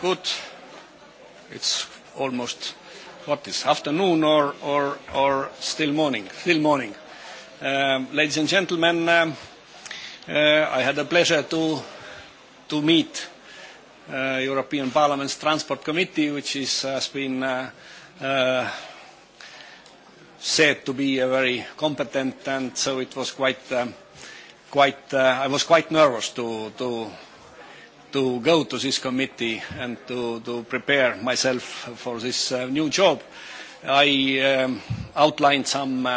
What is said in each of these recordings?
Good. It's almost what is afternoon or or or still morning, still morning. Ladies and gentlemen, I had the pleasure to to meet European Parliament's Transport Committee, which has been said to be very competent, and so it was quite quite I was quite nervous to to to go to this committee and to prepare myself for this new job. I outlined some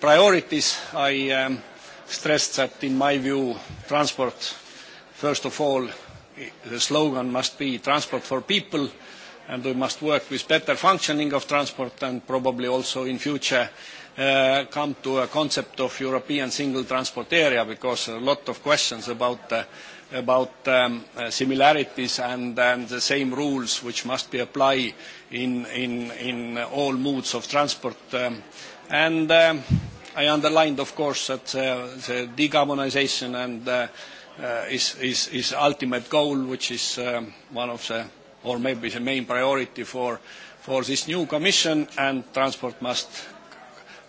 priorities. I stressed that, in my view, transport, first of all, the slogan must be transport for people and we must work with better functioning of transport and probably also in future come to a concept of European single transport area because a lot of questions about about similarities and the same rules which must be applied in in all modes of transport and I underlined of course that the decarbonisation and is is ultimate goal which is one of the or maybe the main priority for for this new Commission and transport must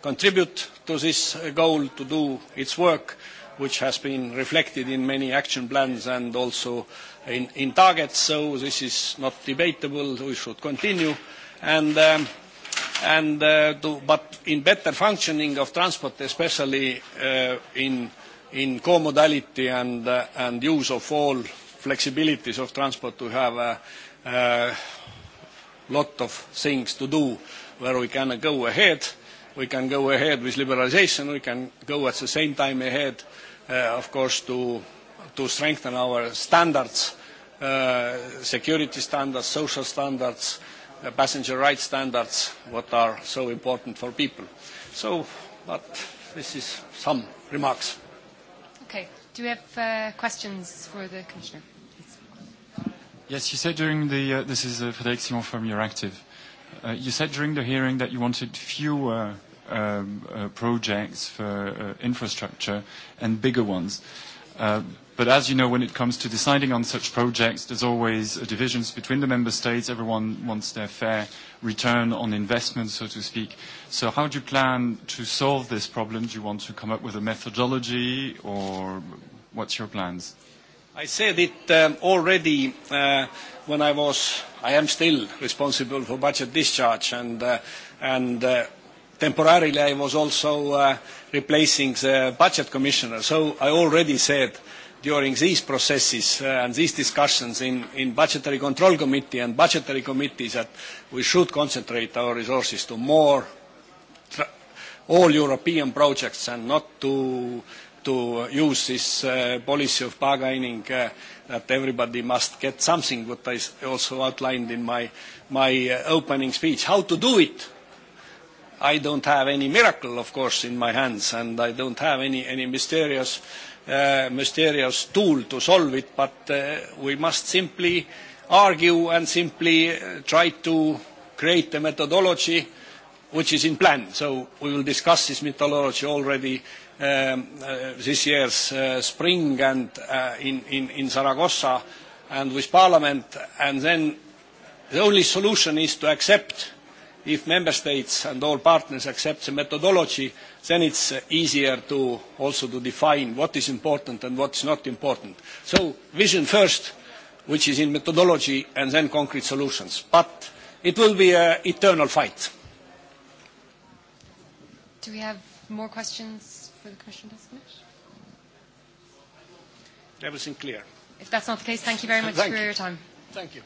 contribute to this goal to do its work, which has been reflected in many action plans and also in targets. So this is not debatable. We should continue. And and but in better functioning of transport, especially in in co-modality and and use of all flexibilities of transport, to have a lot of things to do where we can go ahead. We can go ahead with liberalisation. We can go at the same time ahead, of course, to to strengthen our standards, security standards, social standards, passenger rights standards, what are so important for people. So, but this is some remarks. Okay. Do we have questions for the Commissioner? Yes, you said during the, this is Frédéric Simon from Euractiv. You said during the hearing that you wanted fewer projects for infrastructure and bigger ones. But as you know, when it comes to deciding on such projects, there's always divisions between the member states. Everyone wants their fair return on investment, so to speak. So how do you plan to solve this problem? Do you want to come up with a methodology, or what's your plans? I said it already when I was, I am still responsible for budget discharge and temporarily I was also replacing the budget commissioner. So I already said during these processes and these discussions in in budgetary control committee and budgetary committees that we should concentrate our resources to more all European projects and not to to use this policy of bargaining that everybody must get something, what I also outlined in my my opening speech. How to do it? I don't have any miracle, of course, in my hands, and I don't have any any mysterious mysterious tool to solve it, but we must simply argue and simply try to create a methodology which is in plan. So we will discuss this methodology already this year's spring and in Zaragoza and with Parliament. And then the only solution is to accept, if Member States and all partners accept the methodology, then it's easier to also to define what is important and what is not important. So vision first, which is in methodology, and then concrete solutions. But it will be an eternal fight. Do we have more questions for the Commissioner That Everything clear. If that's not the case, thank you very much for your time. Thank you.